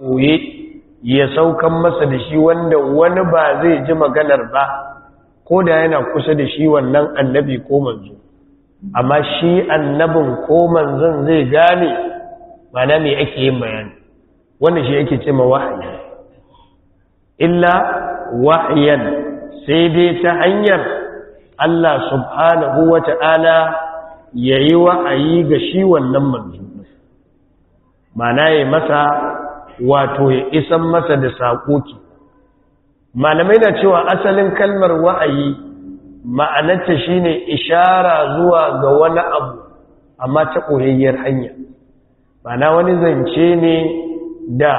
ɓoye ya saukan masa da shi wanda wani ba zai ji maganar ba ko da yana kusa da shi wannan annabi ko manzo amma shi annabin ko manzon zai gane mana me ake yin bayani Wanda shi yake ce ma wahayi illa wahayan sai dai ta hanyar Allah subhanahu wa ta'ala ya yi wa'ayi ga shi wannan manzo mana ya masa wato ya isan masa da saƙoƙi malamai na cewa asalin kalmar wa'ayi ma'anarta ne ishara zuwa ga wani abu amma ta ƙoyayyar hanya ma'ana wani zance ne da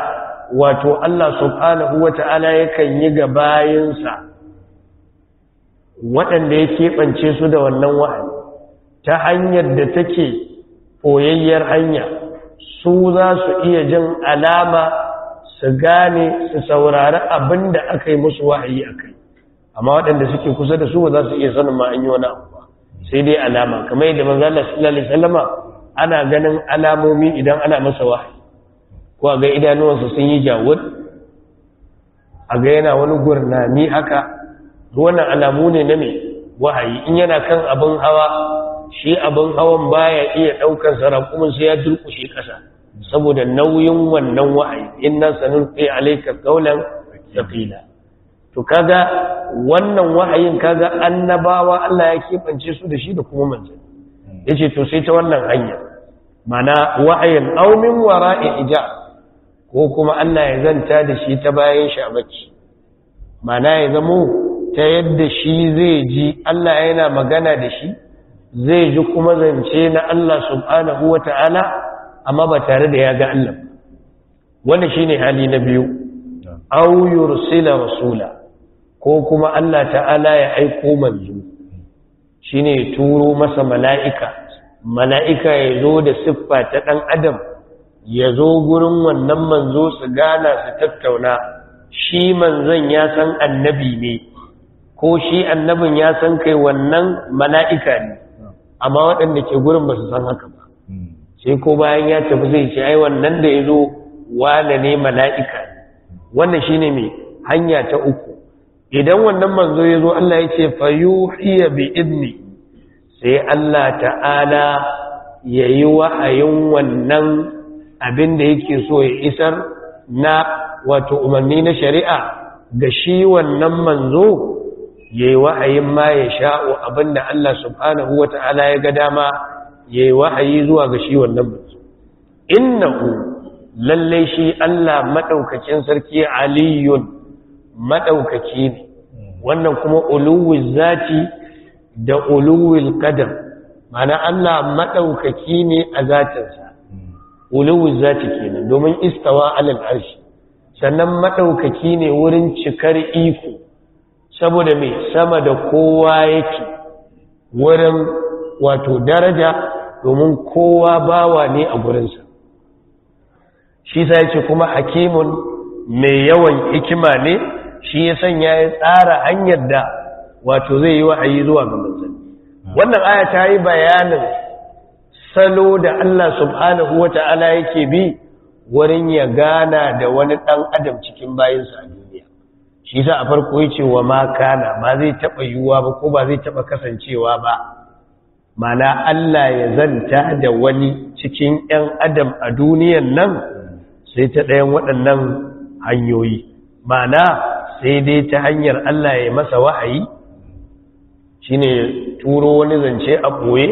wato Allah subhanahu ya yakan yi ga bayansa waɗanda ya keɓance su da wannan wa'ayi ta hanyar da take ɓoyayyar hanya su za su iya jin alama su gane su saurari abin da aka yi musu wahayi a kai amma waɗanda suke kusa da su ba za su iya sanin ma yi wani abuwa sai dai alama kamar yadda manzo Allah sallallahu alaihi ana ganin alamomi idan ana masa wahayi ko a ga idanuwansa sun yi jawon a ga yana wani gurnani haka wannan alamu ne na mai wahayi in yana kan abin hawa shi abin hawan baya iya ɗaukar sarakumin sai ya durkushe ƙasa saboda nauyin wannan wa'ayi inna fi alayka qawlan thaqila to kaga wannan wa'ayin kaga annabawa Allah ya kebance su da shi da kuma manzanni yace to sai ta wannan hanya mana wa'ayin aw min wara'i ija ko kuma Allah ya zanta da shi ta bayan shabaki mana ya zamo ta yadda shi zai ji Allah yana magana da shi zai ji kuma zance na Allah subhanahu wa ta'ala amma ba tare da ya ga Allah wanda shi ne hali na biyu auyur sila rasula ko kuma Allah ta'ala ya aiko manzu. shi ne turo masa mala'ika mala'ika ya zo da siffa ta ɗan adam ya zo gurin wannan manzo su gana su tattauna shi manzon ya san annabi ne ko shi annabin ya san kai wannan mala'ika ne amma waɗanda ke gurin ba su san haka ba hmm. sai ko bayan ya tafi zai ce ai wannan da ya zo wane ne mala'ika wannan shine mai hanya ta uku idan wannan manzo ya zo Allah ya ce fayuhiya bi idni sai Allah ta'ala ya yi wa'ayin wannan abin da yake so ya isar na wato umarni na shari'a ga shi wannan manzo yayi wahayin ma ya sha'o abinda Allah subhanahu Ta'ala ya ga dama yayi wahayi zuwa ga shi wannan Inna ku lalle shi Allah maɗaukakin sarki aliyun maɗaukaki ne wannan kuma uluwul zaci da uluwul kadan. mana Allah maɗaukaki ne a zatinsa zaci ke kenan domin istawa alal arshi sannan maɗaukaki ne wurin cikar iko saboda mai sama da kowa yake wurin wato daraja domin kowa bawa ne a gurinsa shi sa yake kuma hakimun mai yawan hikima ne shi ya sanya ya tsara hanyar da wato zai yi wa'ayi zuwa ga manzanni wannan aya ta yi bayanin salo da Allah subhanahu wata'ala yake bi wurin ya gana da wani ɗan adam cikin bayin sami shi sa a farko ya ce wa ma kana ba zai taɓa yiwuwa ba ko ba zai taɓa kasancewa ba mana Allah ya zanta da wani cikin 'yan adam a duniyan nan sai ta ɗayan waɗannan hanyoyi mana sai dai ta hanyar Allah ya masa wahayi shi ne turo wani zance a ɓoye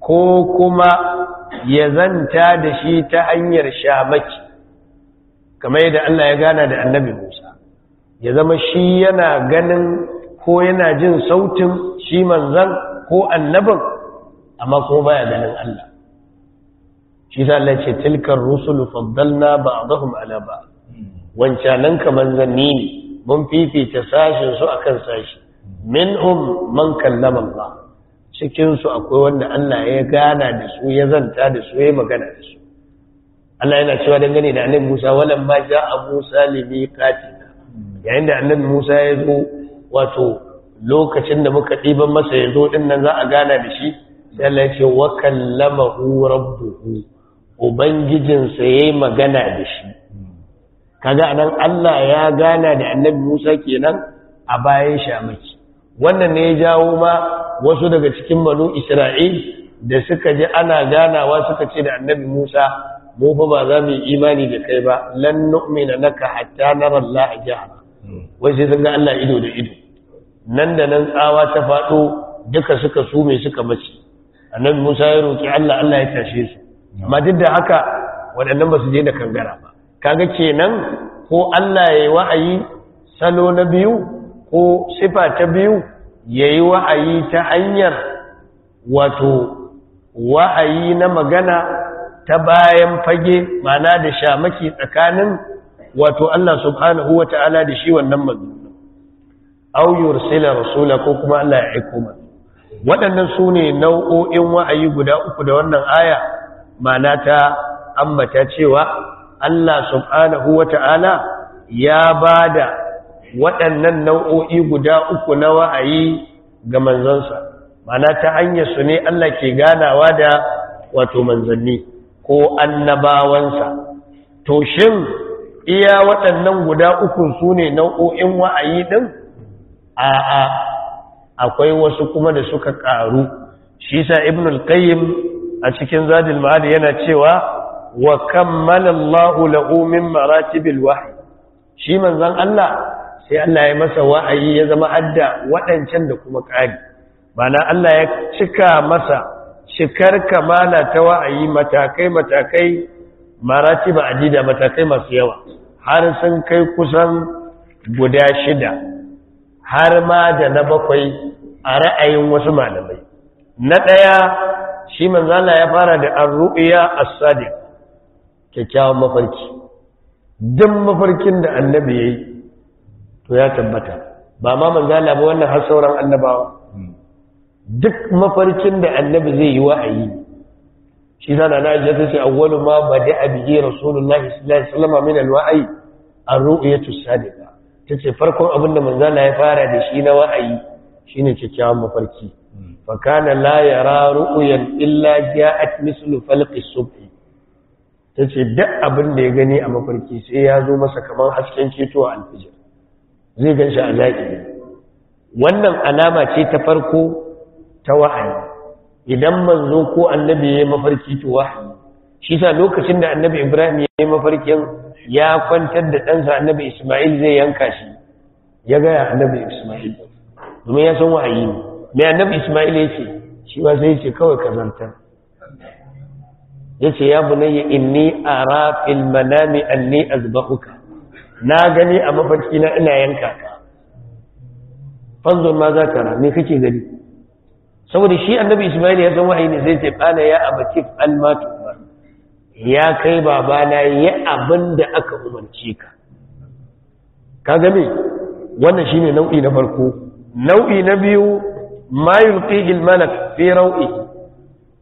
ko kuma ya zanta da shi ta hanyar shamaki kamar yadda Allah ya gana da annabi Musa ya zama shi yana ganin ko yana jin sautin shi manzan ko annabin amma kuma baya ganin Allah shi sa Allah ce tilkar rusulu faddalna ba'dahum ala ba wancanan ka manzanni ne mun fifita sashen su akan sashi minhum man kallama Allah cikin su akwai wanda Allah ya gana da su ya zanta da su ya magana da su Allah yana cewa dangane da annabi Musa walamma ja'a Musa limiqatina yayin da annabi Musa ya zo wato lokacin da muka diban masa ya zo ɗin nan za a gana da shi sai Allah ya ce wa kallamahu rabbuhu sa yayi magana da shi kaga anan Allah ya gana da annabi Musa kenan a bayan shamaki wannan ne ya jawo ma wasu daga cikin banu Isra'il da suka ji ana ganawa suka ce da annabi Musa mu fa ba za mu yi imani da kai ba lan nu'mina naka hatta nara Allah jahara wai sai sun ga Allah ido da ido nan da nan tsawa ta faɗo duka suka sume suka mace annabi Musa ya roki Allah Allah ya tashe su amma duk da haka waɗannan ba su je da kangara ba kaga kenan ko Allah ya yi wa'ayi salo na biyu ko sifa ta biyu ya yi wa'ayi ta hanyar wato wa'ayi na magana ta bayan fage Ma'ana da shamaki tsakanin wato Allah subhanahu wa ta'ala da shi wannan au aw yursila rasula ko kuma Allah ya aiko ma. waɗannan su ne nau'o'in wa'ayi guda uku da wannan aya mana ta ambata cewa Allah subhanahu Ta'ala ya ba da waɗannan nau'o'i guda uku na wa'ayi ga manzansa mana ta hanyar su ne Allah ke ganawa da wato manzanni ko annabawansa to shin iya waɗannan guda ukun su ne nau'o'in wa'ayi ɗin a'a akwai wasu kuma da suka ƙaru shi sa ibn al-qayyim a cikin zadil ma'adi yana cewa wa kammala Allahu lahu min maratibil wahyi shi manzon Allah sai Allah ya masa wa'ayi ya zama adda waɗancan da kuma ƙari mana Allah ya cika masa cikar kamala ta wa'ayi matakai-matakai marati ba adida matakai masu yawa har sun kai kusan guda shida har ma da na bakwai a ra'ayin wasu malamai na ɗaya shi manzala ya fara da an ru'iya a sadiq kyakkyawan mafarki duk mafarkin da annabi ya yi to ya tabbata ba ma manzala ba wannan har sauran annabawa hmm. duk mafarkin da annabi zai yi wa'ayi shi na na ajiyar sai a awwalu ma da abiye rasulullahi sallallahu alaihi wasallam min alwa'i ar sadiqa tace farkon abin da Manzana ya fara da shi na wa'ayi shine kyakkyawan mafarki fa kana la yara ru'yan illa ja'at mislu falqi subhi tace duk abin da ya gani a mafarki sai ya zo masa kaman hasken ceto alfijir zai ganshi a zaki wannan alama ce ta farko ta wa'ayi idan manzo ko annabi ya yi mafarki to shi sa lokacin da annabi ibrahim ya yi mafarkin ya kwantar da ɗansa annabi ismail zai yanka shi ya gaya annabi ismail domin ya san wa'ayi ne mai annabi ismail ya ce shi ba sai ce kawai kazantar ya ce ya bunayya inni ara fil manami anni uka na gani a mafarki na ina yanka ka fanzon ma za ka ra me kake gani saboda shi annabi ismail ya zama wahayi ne zai ce kana ya abati almatu ya kai babana ya abin aka umarci ka ka game wannan shine nau'i na farko nau'i na biyu ma yulqi malak fi rau'i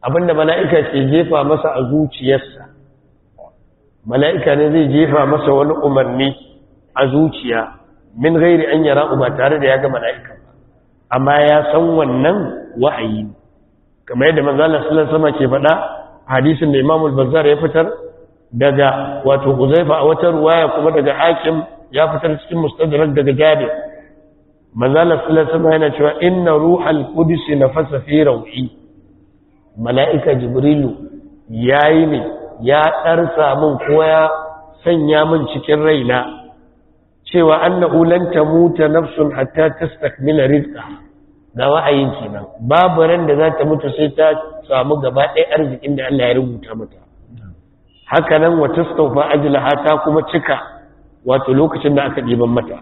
abinda mala'ika ke jefa masa a zuciyarsa mala'ika ne zai jefa masa wani umarni a zuciya min gairi an yara ba tare da ya ga mala'ika amma ya san wannan wa'ayi kamar yadda mazalar sallan sama ke faɗa hadisin da imamul bazar ya fitar daga wato uzaifa a wata ruwaya kuma daga akim ya fitar cikin mustadrak daga jabir Mazalar sallan sama yana cewa inna ruhal qudus na fi rawhi mala'ika jibrilu yayi ne ya ɗarsa min kowa sanya min cikin raina cewa annahu lan tamuta nafsun hatta tastakmila rizqa ga wa'ayin kenan babu ran da za ta mutu sai ta samu gaba ɗaya arzikin da Allah ya rubuta mata haka nan wa tastawfa ajlaha ta kuma cika wato lokacin da aka diban mata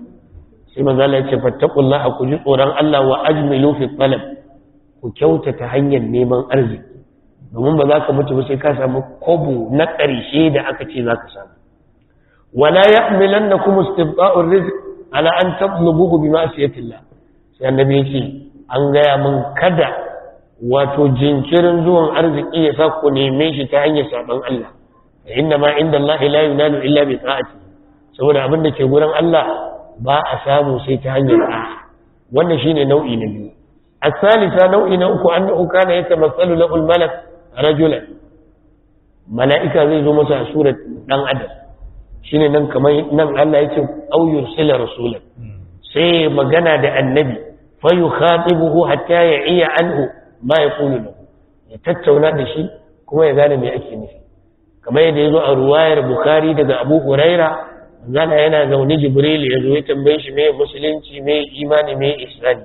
sai manzo Allah ya ce fattaqullaha ku ji tsoron Allah wa ajmilu fi talab ku kyauta ta hanyar neman arziki domin ba za ka mutu ba sai ka samu kobo na ƙarshe da aka ce za ka samu wala yahmilannakum istinba'ur rizq ala an tabluguhu bi ma'siyatillah sai annabi yake an gaya mun kada wato jinkirin zuwan arziki ya sa ku neme shi ta hanyar sabon Allah inna ma inda Allah la yunalu illa bi ta'ati saboda abin da ke gurin Allah ba a samu sai ta hanyar ta'a wannan shine nau'i na biyu asalisa nau'i na uku annahu kana yatamassalu lahu al-malak rajulan mala'ika zai zo masa a surat dan adam ne nan kamar nan Allah ya ce auyur sila rasula sai magana da annabi fa buhu hatta ya iya anhu ma yaqulu lahu ya tattauna da shi kuma ya gane me ake nufi kamar yadda ya zo a ruwayar bukhari daga abu huraira zana yana zaune jibril ya zo ya tambayi shi mai musulunci mai imani mai islami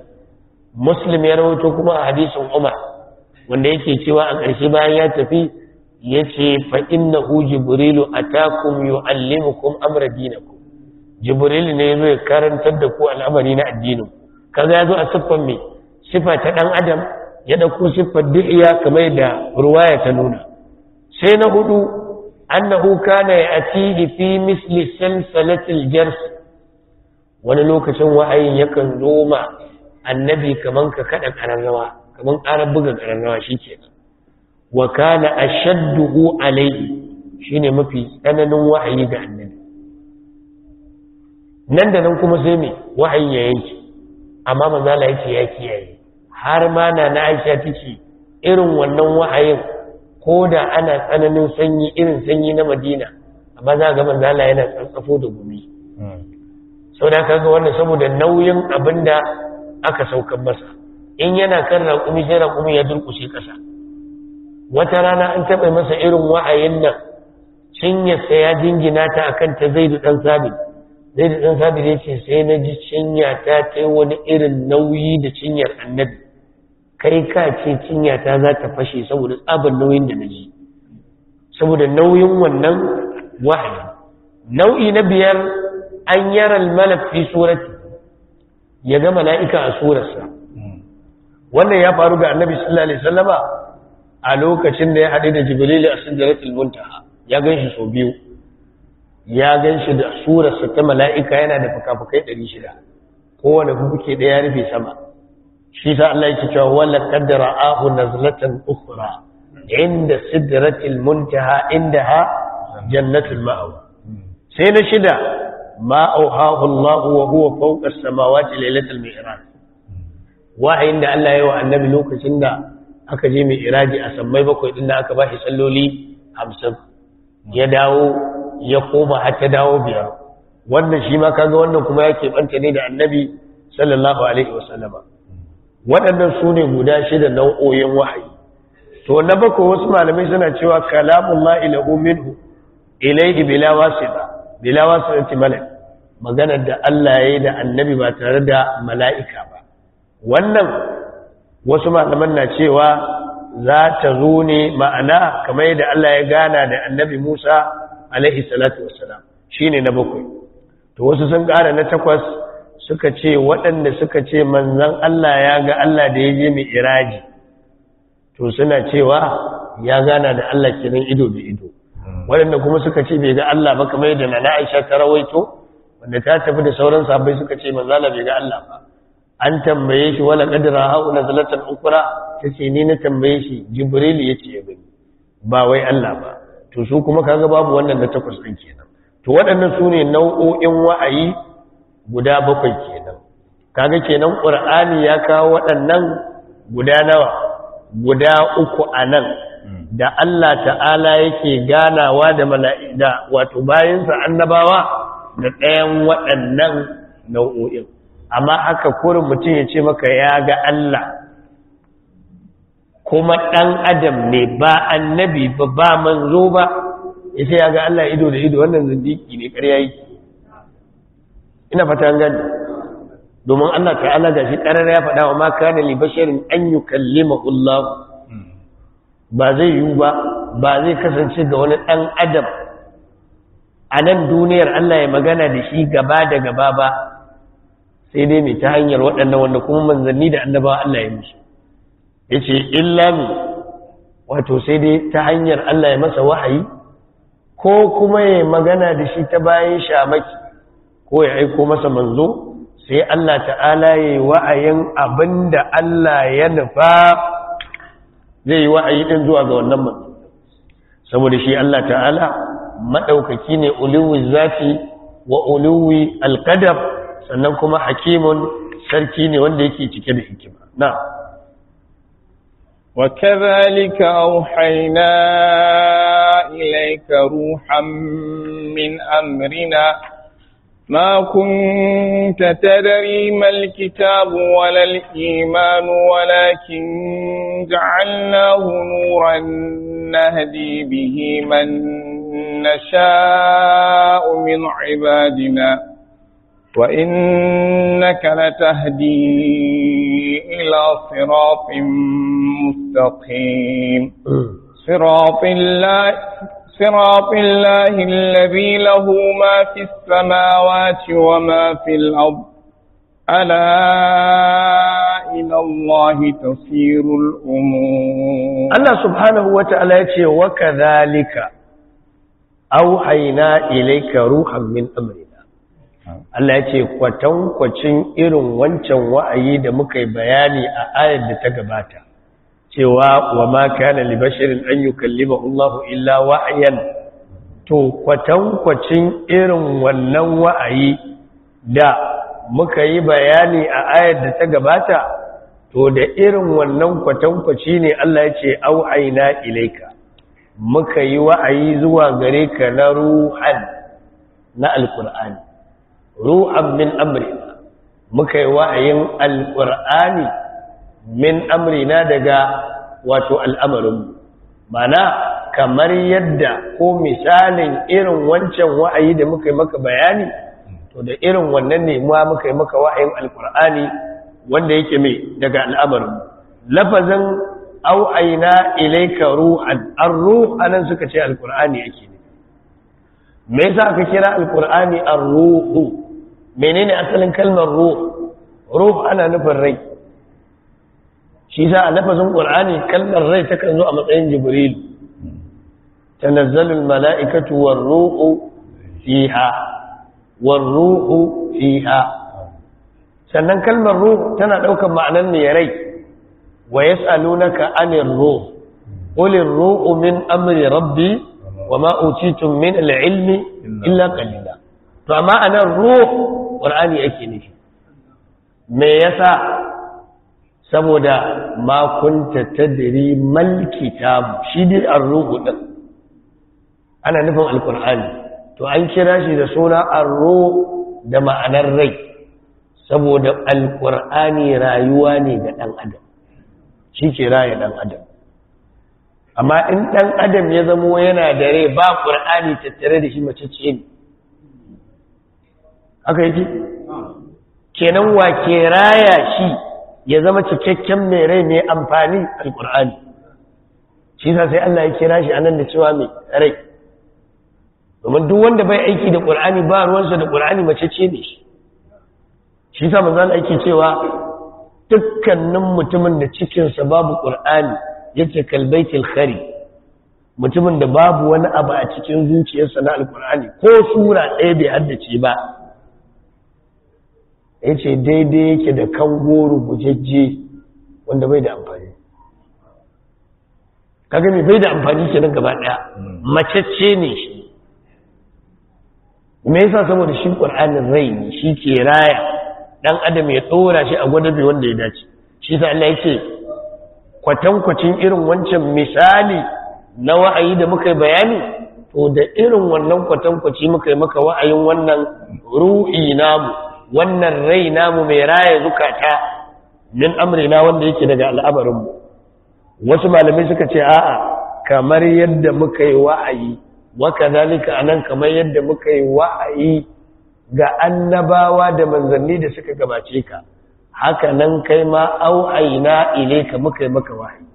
muslim ya rawaito kuma a hadisin umar wanda yake cewa a ƙarshe bayan ya tafi yace na hu jibrilu kuma yuallimukum amra ku jibrilu ne zai karantar da ku al'amari na addinin za zo a siffan mai siffa ta ɗan adam ya ɗaku siffar du'iya kamar da ruwa ya ta nuna sai na hudu an annahu kana ya'tihi fi misli salatul jars wani lokacin wa'ayin yakan zo ma annabi kaman ka kada kararrawa kaman karar buga shi kenan wa kana ashadduhu alayhi shine mafi tsananin wahayi ga annabi nan da nan kuma sai me wahayi ya yanke amma manzo Allah yake ya kiyaye har ma na na Aisha tace irin wannan wahayin ko da ana tsananin sanyi irin sanyi na Madina amma za ga manzo Allah yana tsantsafo da gumi hmm. sau da kaga wannan saboda nauyin abinda aka saukan masa in yana kan raƙumi sai raƙumi ya durƙushe ƙasa wata rana an taɓa masa irin wa'ayin nan cinyarsa ya jingina ta a kanta zai da ɗan sabi zai da ɗan sabi da ce sai na ji cinya ta ta wani irin nauyi da cinyar annabi kai ka ce cinya ta za ta fashe saboda tsabar nauyin da na ji saboda nauyin wannan wa’ayi nau'i na biyar an yaran malak fi surati ya ga mala'ika a surarsa hmm. wannan ya faru ga annabi sallallahu alaihi wasallama a lokacin da ya haɗu da jibrilu a sidratul muntaha ya ganshi sau biyu ya ganshi da surarsa ta mala'ika yana da fukafukai ɗari shida kowane fukuke ɗaya ya rufe sama shi sa Allah yake cewa wala qaddara ahu nazlatan ukhra inda ha muntaha indaha jannatul ma'awa sai na shida ma auhahu Allah wa huwa fawqa as-samawati lailatul mi'raj da Allah ya yi wa annabi lokacin da aka je mai iraji a sammai bakwai din da aka ba shi salloli hamsin ya dawo ya koma har ta dawo biyar wannan shi ma kaga wannan kuma ya keɓanta ne da annabi sallallahu alaihi wasallama waɗannan su ne guda shida nau'o'in wahayi to na bakwai wasu malamai suna cewa kalamun ilahu minhu ilaihi bila wasita bila maganar da Allah ya yi da annabi ba tare da mala'ika ba wannan wasu malaman na cewa za ta zo ne ma'ana kamar yadda Allah ya gana da annabi Musa alaihi salatu wassalam shine na bakwai to wasu sun kara na takwas suka ce waɗanda suka ce manzan Allah ya ga Allah da ya je mai iraji to suna cewa ya gana da Allah kiran ido da ido waɗanda kuma suka ce bai ga Allah ba kamar yadda na Aisha ta rawaito wanda ta tafi da sauran sahabbai suka ce manzala bai ga Allah ba an tambaye shi wala na haula zalatan ukra tace ni na tambaye shi jibril yace ya gani ba wai Allah ba to su kuma kaga babu wannan da takwas din kenan to waɗannan ne nau'o'in wa'ayi guda bakwai kenan kaga kenan ƙur'ani ya kawo waɗannan guda nawa guda uku anan da Allah ta'ala yake ganawa da mala'ida wato sa annabawa da ɗayan waɗannan nau'o'in amma haka kurin mutum ya ce maka ya ga Allah kuma ɗan adam ne ba annabi ba ba manzo ba ya ce ya ga Allah ido da ido wannan zindiki ne ƙarya yi. ina fata gani domin Allah ta'ala shi ƙarar ya faɗa wa maka da li basharin an yukallimahu Allah ba zai yiwu ba ba zai kasance ga wani ɗan adam a nan duniyar Allah ya magana da shi gaba da gaba ba sai dai mai ta hanyar waɗannan wanda kuma manzanni da annaba Allah ya musu ya ce illa wato sai dai ta hanyar Allah ya masa wahayi ko kuma ya magana da shi ta bayan shamaki ko ya aiko masa manzo sai Allah ta'ala ya yi wa'ayin abin da Allah ya nufa zai yi wa'ayi ɗin zuwa ga wannan manzo saboda shi Allah ta'ala maɗaukaki ne uluwi zafi wa uluwi alƙadar sannan kuma hakimun sarki ne wanda yake cike da hikima na وكذلك أوحينا إليك روحا من أمرنا ما كنت تدري ما الكتاب ولا الإيمان ولكن جعلناه نورا نهدي به من نشاء من عبادنا وإنك لتهدي إلى صراط مستقيم صراط الله صراط الله الذي له ما في السماوات وما في الأرض ألا إلى الله تصير الأمور الله سبحانه وتعالى وكذلك أوحينا إليك روحا من أمرنا Allah ya ce kwatankwacin irin wancan wa'ayi da muka yi bayani a ayar da ta gabata cewa wa ma kana li basharin an yukallimahu Allah illa wa'yan to kwatankwacin irin wannan wa'ayi da muka yi bayani a ayar da ta gabata to da irin wannan kwatankwaci ne Allah ya ce au aina ilaika muka yi wa'ayi zuwa gare ka na ruhan na alkur'ani ru'an min amrina muka yi wa'ayin alƙur'ani min amrina daga wato al'amarinmu mana kamar yadda ko misalin irin wancan wa'ayi da muka yi maka bayani to da irin wannan ne ma muka yi maka wa'ayin alƙur'ani wanda yake mai daga al'amarinmu lafazin au'aina ilaika ru'an an ru'anan suka ce alƙur'ani yake ne me yasa aka kira alƙur'ani ar-ruhu menene asalin kalmar ruh ruh ana nufin rai shi sa a lafazin qur'ani kalmar rai takan zo a matsayin jibril tanazzalul mala'ikatu war ruhu fiha war ruhu fiha sannan kalmar ruh tana ɗaukar ma'anar ne rai wa yas'alunaka anir ruh قل الروح من أمر ربي وما أوتيتم من العلم إلا قليلا فما أنا الروح ƙur'ani ake nufi me yasa saboda makunta ta diri malki ta shi dir ar-ruhu ana nufin alqur'ani to an kira shi da suna ar da ma'anar rai saboda alqur'ani rayuwa ne ga ɗan adam shi ke raya dan adam amma in ɗan adam ya zamo yana da rai ba qur'ani tattare da shi mace ce ne aka yi kenan wa ke raya shi ya zama cikakken mai rai mai amfani alƙur'ani shi sa sai Allah ya kira shi a nan da cewa mai rai domin duk wanda bai aiki da ƙur'ani ba ruwansa da ƙur'ani mace ce ne shi shi sa zan aiki cewa dukkanin mutumin da cikinsa babu ƙur'ani yace kalbaitil khari mutumin da babu wani abu a cikin zuciyarsa na alkur'ani ko sura ɗaya bai haddace ba ya ce daidai yake da kan goro wanda bai da amfani kaga mai bai da amfani ke nan gaba ɗaya macece ne shi me yasa saboda shi ƙwar'anin rai ne shi ke raya ɗan adam ya ɗora shi a gwada bai wanda ya dace shi sa Allah ya kwatankwacin irin wancan misali na wa'ayi da muka bayani to da irin wannan kwatankwaci muka yi maka wa'ayin wannan ru'i namu wannan rai namu mai raya zukata min amrina wanda yake daga al'amarinmu wasu malamai suka ce a'a kamar yadda muka yi wa'ayi waka zalika nan kamar yadda muka yi wa'ayi ga annabawa da manzanni da suka gabace ka haka nan kai ma au'aina ilaika muka yi maka wa'ayi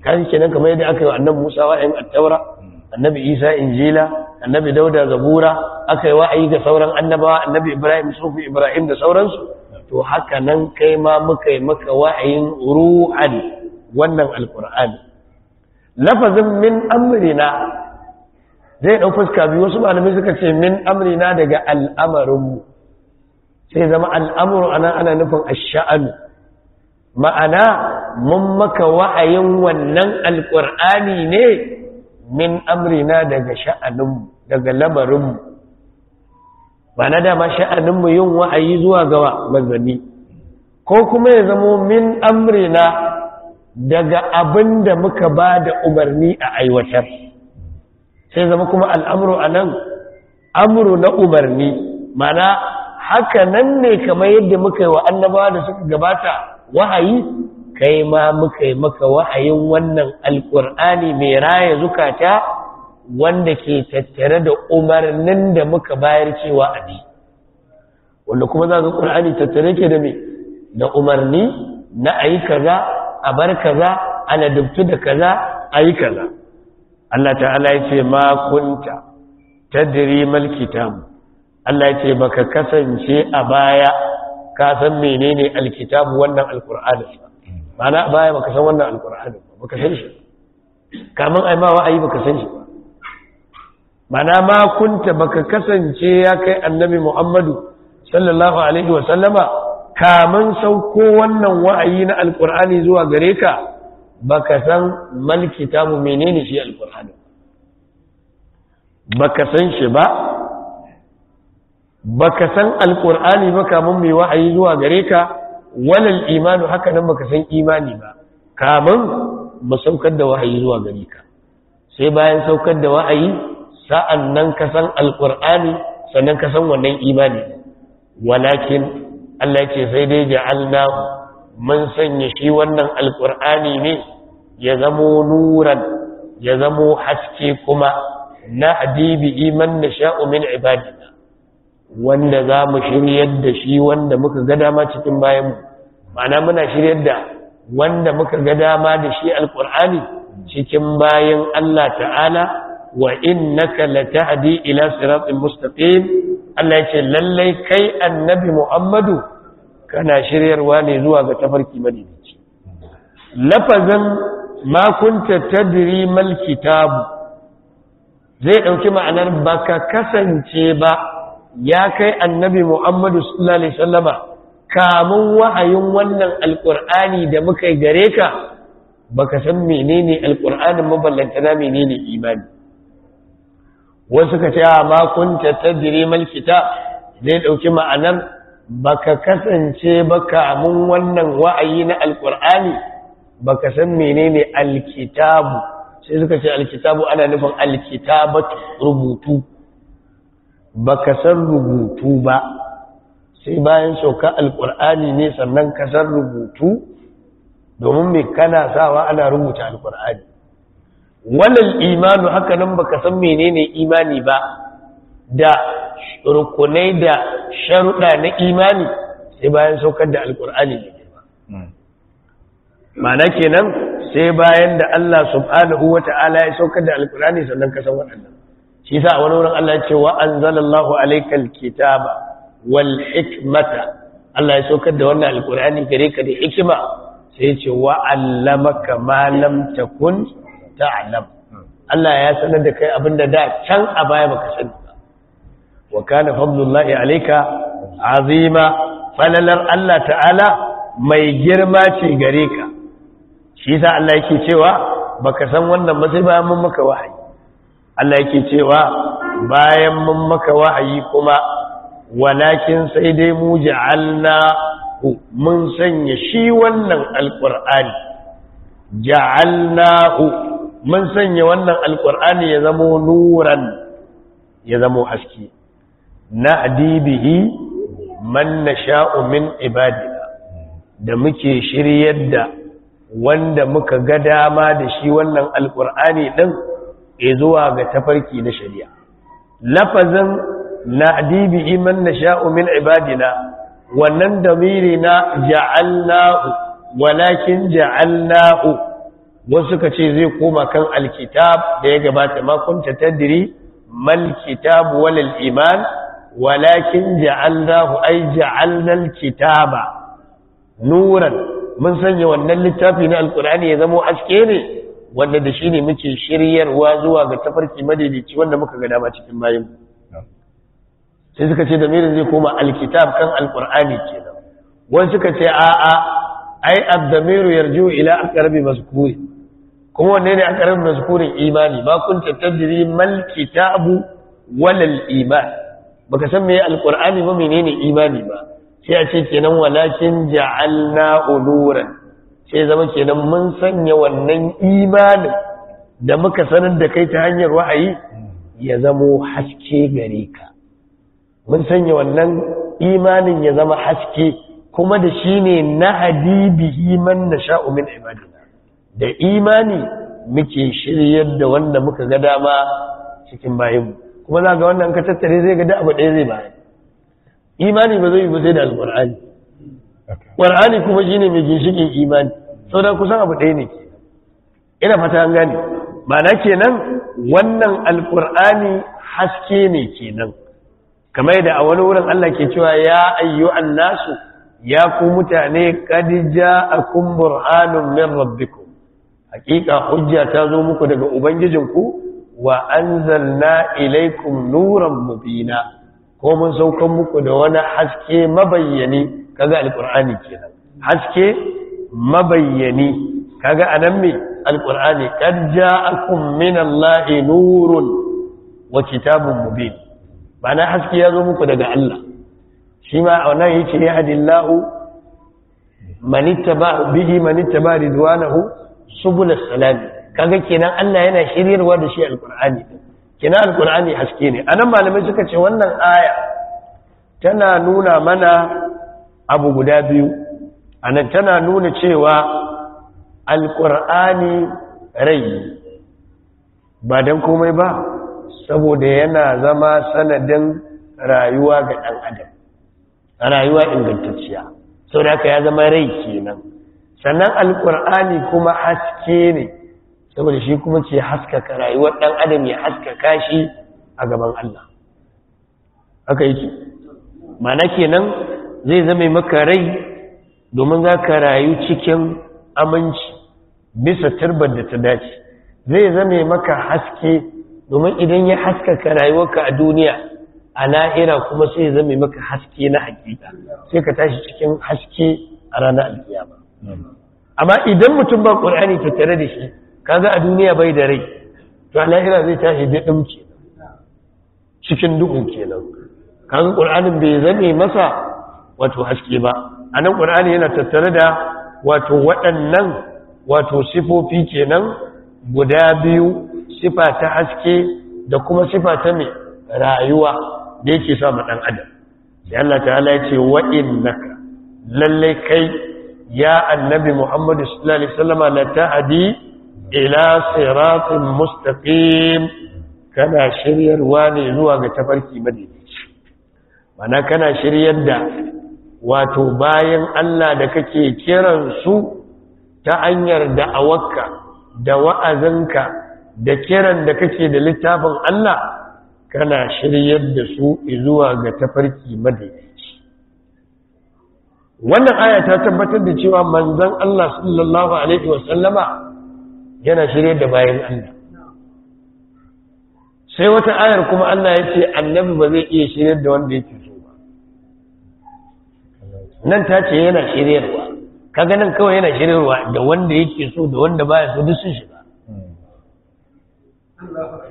kan nan kamar yadda aka yi wa annan Musa wa'ayin at-taura annabi isa injila annabi dauda zabura aka wa'ayi ga sauran annabawa annabi ibrahim sufi ibrahim da sauransu to haka nan kai ma muka yi maka wa'ayin ru'an wannan alkur'ani lafazin min amrina zai ɗau fuska biyu wasu malamai suka ce min amrina daga al'amarinmu sai zama al'amuru ana ana nufin asha'anu ma'ana mun maka wa'ayin wannan alkur'ani ne min amrina daga sha'aninmu daga lamarinmu ba na dama sha'aninmu yin wa'ayi zuwa gawa mazani? ko kuma ya zamo min amrina daga abin da muka ba da umarni a aiwatar sai zama kuma al'amuru a nan amuru na umarni mana haka nan ne kamar yadda muka yi wa annabawa da suka gabata wahayi kai ma muka yi maka wa'ayin wannan alƙur'ani mai raya zukata wanda ke tattare da umarnin da muka bayar cewa a wanda kuma za su ƙur'ani tattare ke da me da umarni na a yi kaza a bar kaza a na dubtu da kaza a yi kaza Allah ta'ala ya ce ma kunta tadri mal Allah ya ce baka kasance a baya ka san menene alkitabu wannan alkur'ani ba Ba ba baya baka san wannan alkur'ani baka san shi kamin ai ma wa'ayi baka san shi na ma kunta baka kasance ya kai annabi muhammadu sallallahu alaihi wa sallama sau sauko wannan wa'ayi na alkur'ani zuwa gare ka baka san ta mu menene shi alkur'ani baka san shi ba baka san alkur'ani ba kamin mai wa'ayi zuwa gare ka walal imanu haka nan baka san imani ba Kamun mu saukar da wahayi zuwa gari ka sai bayan saukar da wahayi sa'an nan ka san alƙur'ani sannan ka san wannan imani walakin Allah ce sai dai ja'alna mun sanya shi wannan alƙur'ani ne ya zamo nuran ya zamo haske kuma na hadibi iman na sha'umin ibadi wanda za mu shiryar da shi wanda muka ga dama cikin bayanmu ma'ana muna shiryar da wanda muka ga dama da shi alkur'ani cikin bayan Allah ta'ala wa innaka latahdi ila siratin mustaqim Allah ya ce lallai kai annabi Muhammadu kana shiryarwa ne zuwa ga tafarki madidici lafazin ma kunta tadri mal kitab zai ɗauki ma'anar baka kasance ba ya kai annabi muhammadu sallallahu alaihi sallama kamun wahayin wannan alƙur'ani da muka gare ka baka san menene alƙur'anin maballantana menene imani wasu ka ce ma kunta tadri mal kitab zai dauki ma'anar baka kasance ba kamun wannan wa'ayi na alƙur'ani baka san menene alkitabu sai suka ce alkitabu ana nufin alkitabatu rubutu baka san rubutu ba sai bayan sauka alkur'ani ne sannan ka san rubutu domin mai kana sawa ana rubuta alkur'ani Wannan imanu haka nan ba ka san menene imani ba da rukunai da sharuɗa na imani sai bayan saukar da alkur'ani ne ma'ana kenan sai bayan da Allah subhanahu wata'ala ya saukar da alkur'ani sannan ka san waɗannan shi sa wani wurin Allah ya ce wa anzalallahu alaikal kitaba wal hikmata Allah ya saukar da wannan alqur'ani gare ka da hikima sai ya ce wa allamaka ma lam takun ta'lam Allah ya sanar da kai abinda da can a baya baka sani ba wa kana fadlullahi alayka azima falalar Allah ta'ala mai girma ce gare ka shi sa Allah yake cewa baka san wannan ba sai mun maka wahayi Allah yake cewa bayan mun maka wa'ayi kuma walakin sai dai mu ja'alna mun sanya shi wannan alqur'ani ja'alnahu mun sanya wannan alqur'ani ya zama nuran ya zama haske na adibihi man nasha'u min ibadina da muke shiryar da wanda muka ga dama da shi wannan alqur'ani din e zuwa ga tafarki na shari'a lafazin na dibi iman na sha'umin ibadina wannan damiri na ja'allahu walakin ja'allahu wasu ka ce zai koma kan alkitab da ya gabata makunta tadiri mal kitab walal iman walakin ja'allahu ai ja'alnal kitaba nuran mun sanya wannan littafi na alkur'ani ya zama aske ne wanda da shi ne muke shiryarwa zuwa ga tafarki madaidaici wanda muka ga dama cikin bayan sai suka ce damirin zai koma alkitab kan alkur'ani kenan wani suka ce a'a ai abdamiru yarju ila aqrabi mazkuri kuma wanne ne aqrabi mazkurin imani ba kun tattabi mal kitabu walal iman baka san me alkur'ani ba menene imani ba sai a ce kenan walakin ja'alna uluran sai zama kenan mun sanya wannan imanin da muka sanar da kai ta hanyar wa'ayi ya zama haske gare ka mun sanya wannan imanin ya zama haske kuma da shi ne na hadibi iman na sha'umin ibadina da imani muke shiryar da wanda muka ga dama cikin bayanmu kuma za ga wannan ka tattare zai ga da abu ɗaya zai bayan imani ba zai yi ba sai da alƙur'ani ƙwar'ani kuma shine mai ginshikin imani sau da kusan abu ɗaya ne ina fata an gane ke nan wannan alƙwar'ani haske ne ke nan. kamar yadda a wani wurin Allah ke cewa ya ayyu nasu, ya ku mutane a kumbur burhanun min rabbiku haƙiƙa hujja ta zo muku daga ubangijinku wa anzalna ilaikum nuran mubina ko mun saukan muku da wani haske mabayyani kaga alqur'ani kenan haske mabayyani kaga anan me alqur'ani qad ja'akum minallahi nurun wa kitabun mubin bana haske ya zo muku daga Allah shi ma wannan yace yahdillahu man bihi man ridwanahu subul salam kaga kenan Allah yana shiryarwa da shi alqur'ani kenan alqur'ani haske ne anan malamai suka ce wannan aya tana nuna mana abu guda biyu a nan tana nuna cewa alƙur'ani rai ba dan komai ba saboda yana zama sanadin rayuwa ga ɗan adam a rayuwa ingantacciya sau da ya zama rai kenan sannan alƙur'ani kuma haske ne saboda shi kuma ce haskaka rayuwar ɗan adam ya haskaka shi a gaban Allah haka yake mana kenan zai zama maka rai domin za ka rayu cikin aminci bisa turbar da ta dace zai zama maka haske domin idan ya haskaka rayuwarka a duniya a na'ira kuma sai zama maka haske na hakika sai ka tashi cikin haske a ranar alkiyama amma idan mutum ba ƙur'ani tare da shi kaga a duniya bai da rai to a na'ira zai tashi da ɗumke cikin duhu kenan kaga ƙur'anin bai zame masa wato haske ba a nan ƙur'ani yana tattare da wato waɗannan wato sifofi kenan guda biyu sifa ta haske da kuma sifa ta mai rayuwa da yake sa maɗan ɗan adam sai Allah ta ya ce lallai kai ya annabi Muhammadu sallallahu alaihi wasallama ta'adi ila kana shiryarwa ne zuwa ga tafarki madaidaici mana kana shiryar da wato bayan Allah da kake kiran su ta hanyar da da'awarka da wa'azinka da kiran da kake da littafin Allah kana shiryar da su zuwa ga tafarki madaidaici wannan aya ta tabbatar da cewa manzon Allah sallallahu alaihi wasallama yana shiryar da bayan Allah sai wata ayar kuma Allah ya ce annabi ba zai iya shiryar da wanda yake nan ta ce yana shiryarwa ka nan kawai yana shiryarwa da wanda yake so da wanda baya so duk sun shiga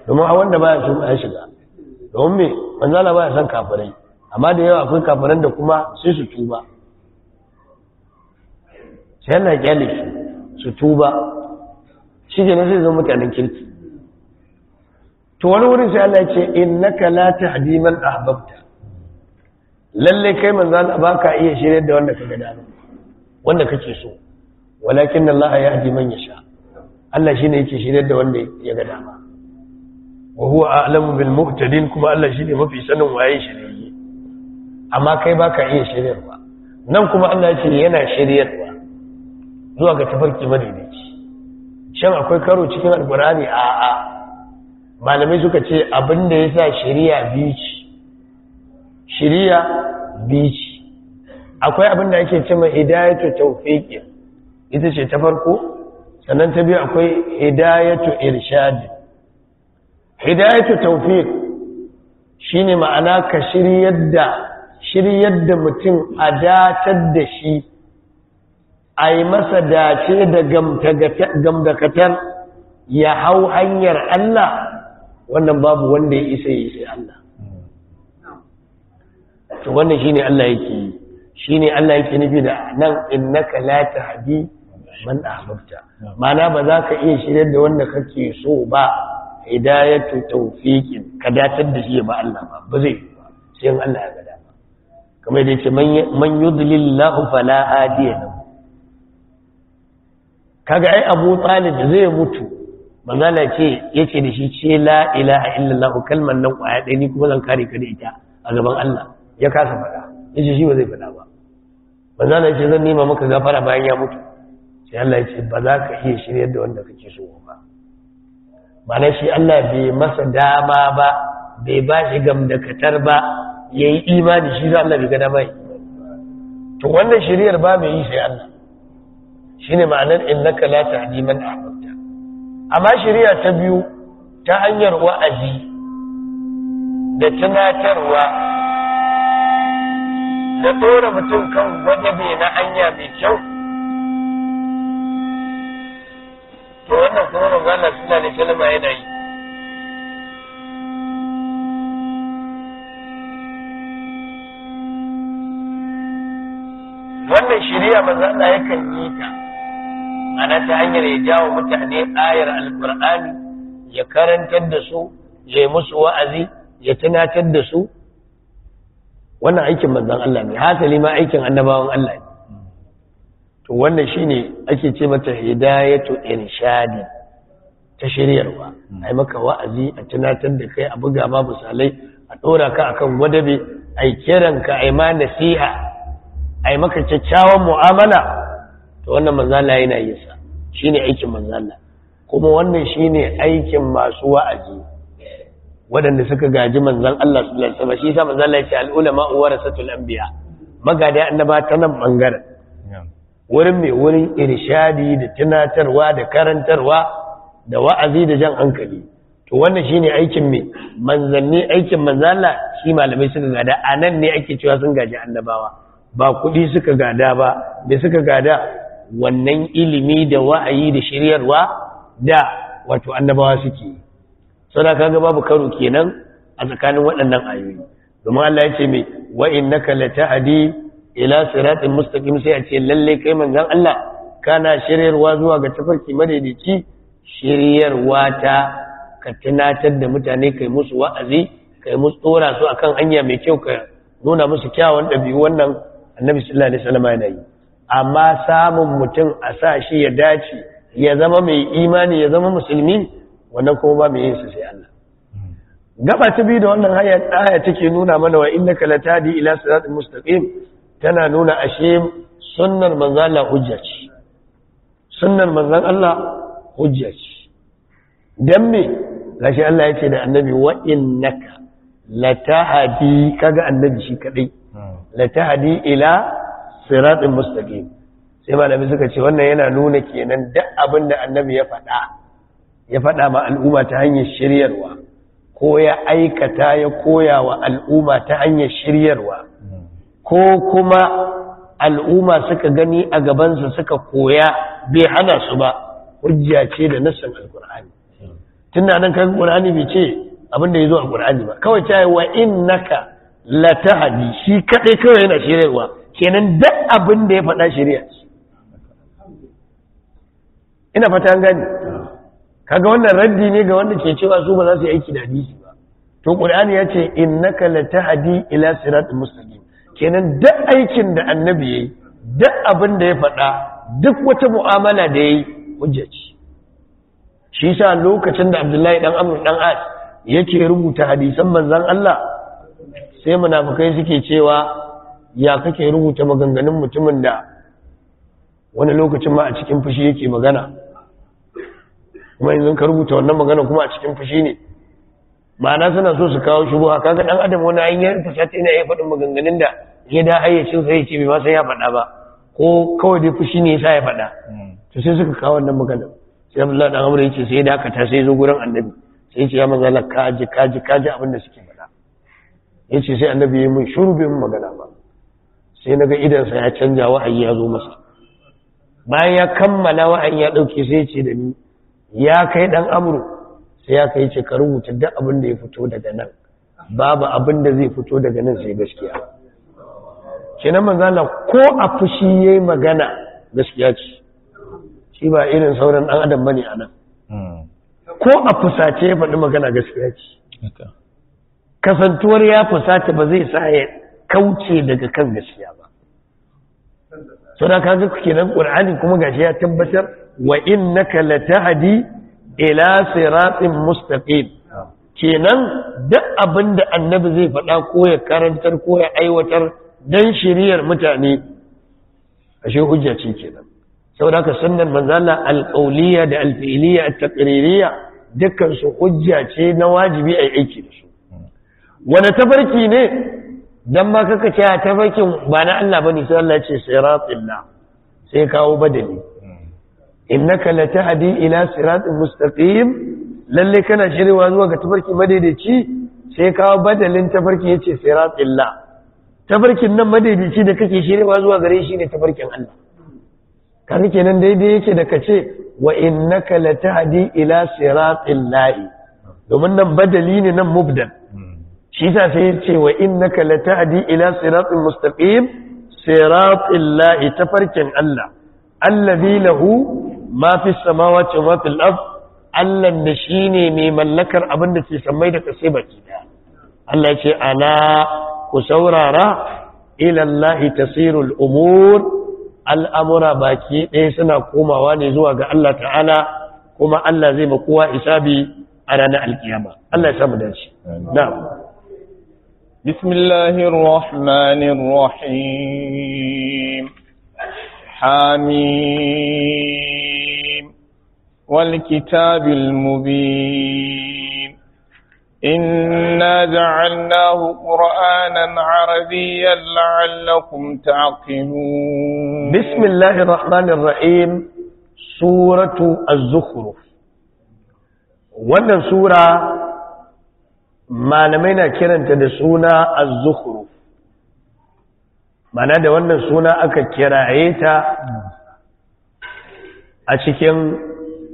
domin a wanda baya so ya shiga domin me manzala baya son kafirai amma da yawa akwai kafiran da kuma sai su tuba sai yana kyale su tuba shi ne sai zama mutanen kirki to wani wurin sai Allah ya ce innaka la tahdi man ahbabta lalle kai manzan ba ka iya shirya da wanda ka ga dama wanda kake so walakin Allah ya haji man yasha Allah shine yake shirya da wanda ya ga dama wa huwa a'lamu bil muhtadin kuma Allah shine mafi sanin waye shirye amma kai ba ka iya ba. nan kuma Allah ce yana ba. zuwa ga tafarki madaidaici shan akwai karo cikin a a'a malamai suka ce abinda yasa shari'a biyu ce shiriya bici akwai abin da ake cewa hidayatu tawfiqiyya ita ce ta farko sannan ta biyu akwai hidayatu irshadi hidayatu tawfiq shine ma'ana ka shiryar da shiryar da mutum a datar da shi a yi masa dace da gamdakatar ya hau hanyar Allah wannan babu wanda ya isa ya sai Allah to wannan shine Allah yake yi shine Allah yake nufi da nan innaka la tahdi man ahbabta mana ba za ka iya shiryar da wanda kake so ba hidayatu tawfiqin ka datar da shi ba Allah ba ba zai ba sai Allah ya ga dama kamar da yake man yudlillahu fala hadiya kaga ai Abu Talib zai mutu manzala ce yake da shi ce la ilaha illallah kalman nan kwaya dai ni kuma zan kare ka da ita a gaban Allah ya kasa fada ya ce shi ba zai fada ba ba za na ce zan nema maka gafara bayan ya mutu sai Allah ya ce ba za ka iya shirya da wanda kake so ba na shi Allah bai masa dama ba bai ba shi katar ba ya yi imani shi Allah bai gada mai to wannan shiryar ba mai yi sai Allah shi ne ma'anar innaka la tahdi man ahabta amma shirya ta biyu ta hanyar wa'azi da tunatarwa da ɗora mutum kan wajabe na hanya mai kyau to wannan kuma magana suna da kalma yana yi wannan shirya manzo yakan yi ta ana ta hanyar ya jawo mutane ayar alkur'ani ya karantar da su ya musu wa'azi ya tunatar da su wannan aikin manzan Allah ne hasali ma aikin annabawan Allah ne to wannan shine ake ce mata hidayatu irshadi ta shiryarwa hmm. ai maka wa'azi a tunatar da kai a buga ma misalai a dora ka akan wadabe ai kiranka ai ma nasiha ai maka kyakkyawan mu'amala to wannan Allah yana yi sa shine aikin Allah kuma wannan shine aikin masu wa'azi waɗanda suka gaji manzan Allah su alaihi Ba shi sa manzan Allah ya ce al ulama warasatul magada annaba ta nan ɓangaren. wurin mai wurin irshadi da tunatarwa da karantarwa da wa'azi da jan hankali to wannan ne aikin me manzanni aikin manzan Allah shi malamai suka gada A nan ne ake cewa sun gaji annabawa ba kuɗi suka gada ba da suka gada wannan ilimi da wa'ayi da shiryarwa da wato annabawa suke sana kaga babu karo kenan a tsakanin waɗannan ayoyi domin Allah ya ce mai wa innaka lata'adi ila siratin mustaqim sai a ce lalle kai manzon Allah kana shiryarwa zuwa ga tafarki madaidaici shiryarwa ta ka tunatar da mutane kai musu wa'azi kai musu tsora su akan hanya mai kyau ka nuna musu kyawun ɗabi'u wannan annabi sallallahu alaihi wasallam yana yi amma samun mutum a sa shi ya dace ya zama mai imani ya zama musulmi wannan kuma ba mai yin su sai Allah gaba ta biyu da wannan aya take nuna mana wa innaka latadi ila siratin mustaqim tana nuna ashe sunnar manzon Allah hujja ce sunnar manzon Allah hujja ce dan me gashi Allah yace da annabi wa innaka latahdi kaga annabi shi kadai latahdi ila siratin mustaqim sai malami suka ce wannan yana nuna kenan duk abin da annabi ya faɗa ya faɗa ma al'umma ta hanyar shiryarwa ko ya aikata ya koya wa al'umma ta hanyar shiryarwa ko kuma al'umma suka gani a gabansa suka koya bai hana su ba hujja ce da nassan alkur'ani tunda nan kan ƙur'ani bai ce abin da yazo a ƙur'ani ba kawai ta wa naka latahadi shi kaɗai kawai yana shiryarwa kenan duk abin da ya faɗa shirya. ina fata an gani kaga wannan raddi ne ga wanda ke cewa su ba za su yi aiki da hadisi ba to qur'ani ya ce innaka latahdi ila siratal mustaqim kenan duk aikin da annabi yayi duk abin da ya faɗa duk wata mu'amala da yayi hujja ce shi yasa lokacin da Abdullahi dan Amr dan As yake rubuta hadisan manzan Allah sai munafikai suke cewa ya kake rubuta maganganun mutumin da wani lokacin ma a cikin fushi yake magana kuma yanzu ka rubuta wannan magana kuma a cikin fushi ne ma'ana suna so su kawo shubuha kaga dan adam wani an yi fusata ina iya faɗin maganganun da ya da ayyacin sa ce bai ma sai ya faɗa ba ko kawai dai fushi ne sa ya faɗa to sai suka kawo wannan magana sai Abdullahi dan Amr yake sai da aka ta sai zo gurin Annabi sai ce ya manzo kaji kaji kaji abin da suke faɗa yace sai Annabi ya mun shuru bai mun magana ba sai naga idan sa ya canja wa'ayi ya zo masa bayan ya kammala wa'ayi ya ɗauke sai ya ce da ni ya kai ɗan amuru sai ya kai ce ka rubuta duk abin da ya fito daga nan babu abin da zai fito daga nan sai gaskiya kenan manzo ko a fushi yayi magana gaskiya ce shi ba irin sauran dan adam bane anan ko a fusace ya faɗi magana gaskiya ce kasantuwar ya fusace ba zai sa ya kauce daga kan gaskiya ba Sau da kaga kenan qur'ani kuma gashi ya tabbatar wa innaka latahdi ila siratin mustaqim kenan duk abinda annabi zai faɗa ko ya karantar ko ya aiwatar dan shiriyar mutane ashe hujja ce kenan saboda haka sunnar manzo Allah alqauliyya da alfiliya at-taqririyya dukkan hujja ce na wajibi ai aiki da su wani tafarki ne dan ma kaka ce tafarkin ba na Allah bane sai Allah ya ce na sai kawo badali innaka latahdi ila siratin mustaqim lalle kana shirwa zuwa ga tafarki madaidaici sai kawo badalin tafarki yace siratillah tafarkin nan madaidaici da kake shirwa zuwa gare shi ne tafarkin Allah kan nan daidai yake da kace wa innaka latahdi ila siratillah domin nan badali ne nan mubdal shi ta sai yace wa innaka latahdi ila siratin mustaqim siratillah tafarkin Allah allazi lahu ma fi samawati wa ma fil Allah da shine mai mallakar abin da ke samai da kase baki daya Allah ce ala ku saurara ila tasirul umur al'amura baki ɗaya suna komawa ne zuwa ga Allah ta'ala kuma Allah zai makowa isabi a ranar alkiyama Allah ya samu dace na'am بسم حميم والكتاب المبين إنا جعلناه قرآنا عربيا لعلكم تعقلون بسم الله الرحمن الرحيم سورة الزخرف wannan سورة ما نمينا kiranta da الزخرف mana da wannan suna aka kiraye ta a cikin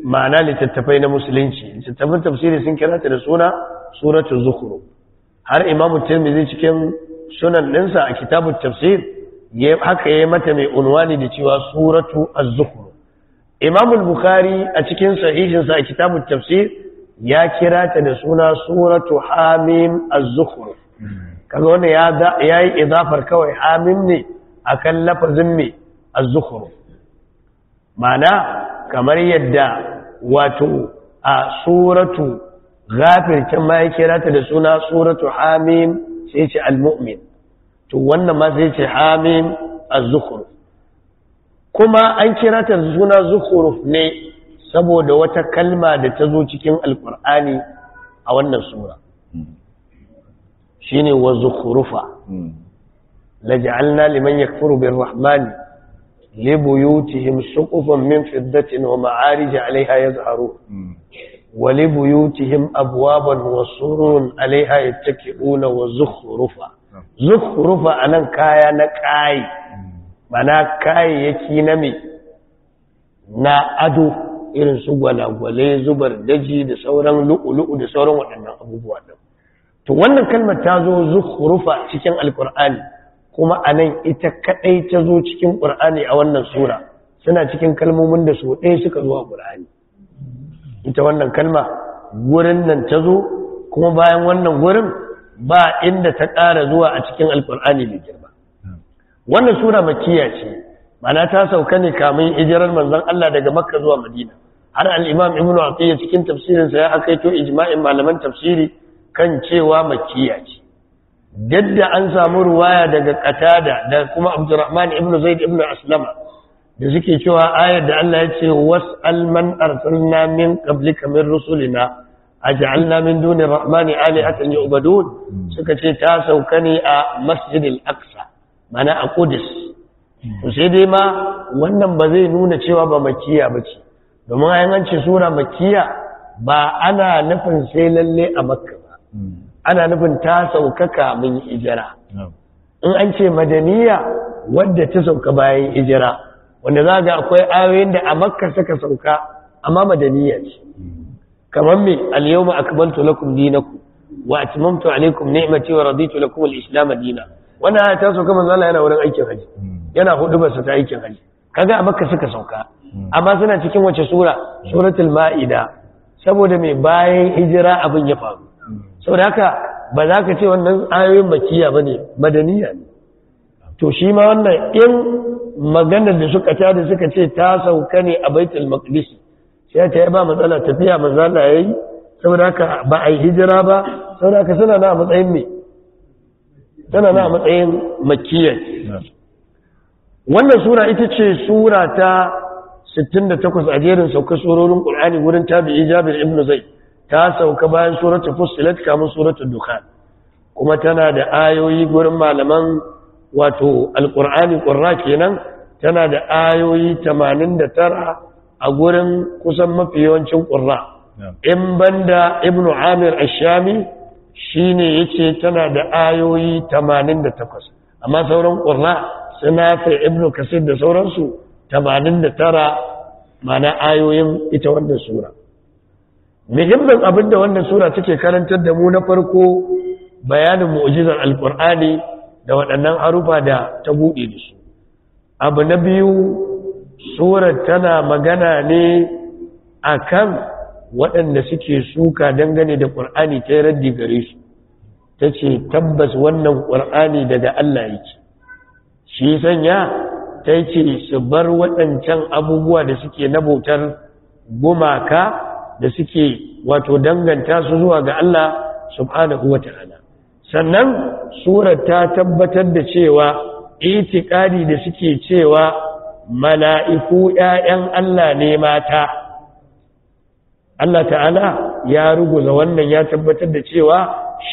ma'ana littattafai na musulunci littattafin tafsiri sun kira ta da suna suratul zukhruf har imamu tirmidhi cikin sunan ɗinsa a kitabut tafsir haka yayi mata mai unwani da cewa suratu az-zukhruf imamu bukhari a cikin sahihinsa a kitabut tafsir ya kira ta da suna suratu hamim az-zukhruf kaga wannan ya yi izafar kawai amin ne akan kan lafazin mai azzukuru mana kamar yadda wato a suratu gafir can ma ya kira da suna suratu amin sai ce al-mu'min to wannan ma sai ce hamim azzukuru kuma an kira ta suna zukuruf ne saboda wata kalma da ta zo cikin alkur'ani a wannan sura hmm. shine wa zukhrufa hmm. laj'alna liman yakfuru birrahman li buyutihim suqufan min fiddatin wa ma'arij 'alayha yazharu hmm. wa li abwaban wa sururun 'alayha yattaki'una wa zukhrufa hmm. zukhrufa anan kaya na kai mana kayayyaki na me na ado irin su gwalagwale zubar daji da sauran lu'ulu'u da sauran waɗannan abubuwa ɗin to wannan kalmar ta zo zukhrufa cikin alqur'ani kuma a nan ita kadai ta zo cikin qur'ani a wannan sura suna cikin kalmomin da su ɗaya suka zuwa ƙur'ani. qur'ani ita wannan kalma gurin nan ta zo kuma bayan wannan gurin ba inda ta ƙara zuwa a cikin alqur'ani mai girma wannan sura makkiya ce ma'ana ta sauka ne kamin hijirar manzon Allah daga Makka zuwa Madina har al-Imam Ibn Atiyya cikin tafsirinsa ya akaito ijma'in malaman tafsiri kan cewa makiya ce dadda an samu ruwaya daga ƙatada da kuma abdurrahman ibn zaid ibn aslama da suke cewa ayar da Allah ya ce was'al man arsalna min qablika min rusulina aj'alna min duni rahmani alihatan yu'badun suka ce ta sauka ne a masjidil aqsa mana a qudus to sai dai ma wannan ba zai nuna cewa ba makiya ba ce domin ayan ce sura makiya ba ana nufin sai lalle a makka ana nufin ta sauka kamin ijira in an ce madaniya wadda ta sauka bayan ijira wanda za ga akwai ayoyin da a makka suka sauka amma madaniya ce kamar me al akmaltu lakum dinakum wa atmamtu alaykum ni'mati wa raditu lakum al-islam dinan wannan ta sauka manzo Allah yana wurin aikin haji hmm. yana ba su ta aikin haji kaga a makka suka sauka hmm. amma suna cikin wace sura hmm. suratul ma'ida saboda mai bayan hijira abin ya faru sau da haka ba za ka ce wannan ayoyin makiya ba ne madaniya ne to shi ma wannan in maganar da suka suka ce ta sauka ne a baitul maqdis sai ta yi ba matsala tafiya yi. yayi saboda haka ba a yi hijira ba saboda haka suna na matsayin me tana na matsayin makiya wannan sura ita ce sura ta 68 a jerin sauka surorin qur'ani wurin tabi'i jabir ibn zaid ta sauka bayan suratul fussilat kamun suratul dukhan kuma tana da ayoyi gurin malaman wato alqur'ani qurra kenan tana da ayoyi 89 a gurin kusan mafi yawancin qurra in banda ibnu amir ash-shami shine yace tana da ayoyi 88 amma sauran qurra suna fi ibnu kasir da sauransu 89 mana ayoyin ita wannan sura muhimmin abin da wannan sura take karantar da mu na farko bayanin mu'jizar alkur'ani da waɗannan harufa da ta buɗe da su abu na biyu sura tana magana ne akan waɗanda suke suka dangane da ƙur'ani ta raddi gare su ta ce tabbas wannan ƙur'ani daga Allah yake shi sanya ta ce su bar waɗancan abubuwa da suke na bautar gumaka da suke wato danganta su zuwa ga Allah subhanahu wa ta'ala sannan surar ta tabbatar da cewa itikadi da suke cewa mala'iku ‘ya'yan Allah ne mata Allah ta'ala ya ruguza wannan ya tabbatar da cewa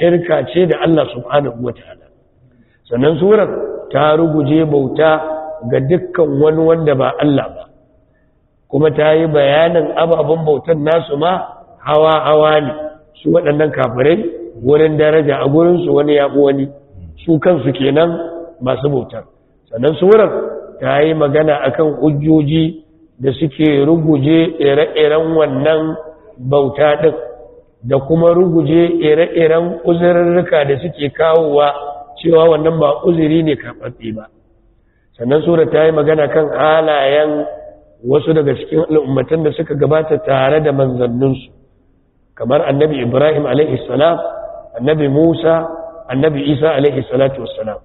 shirka ce da Allah subhanahu wa ta'ala sannan surar ta ruguje bauta ga dukkan wani wanda ba Allah ba kuma ta yi bayanin ababen bautan nasu ma hawa hawa ne su waɗannan kafirai wurin daraja a gurinsu wani ya wani su kansu kenan masu bautar sannan surar ta yi magana akan ujjoji da suke ruguje ire-iren wannan bauta ɗin da kuma ruguje ire-iren uzurruka da suke kawowa cewa wannan ba uzuri ne karɓaɓɓe ba sannan tsoron ta yi magana kan halayen wasu daga cikin al'ummatan da suka gabata tare da manzanninsu kamar annabi ibrahim alaihi salam annabi musa annabi isa alaihi salatu wassalam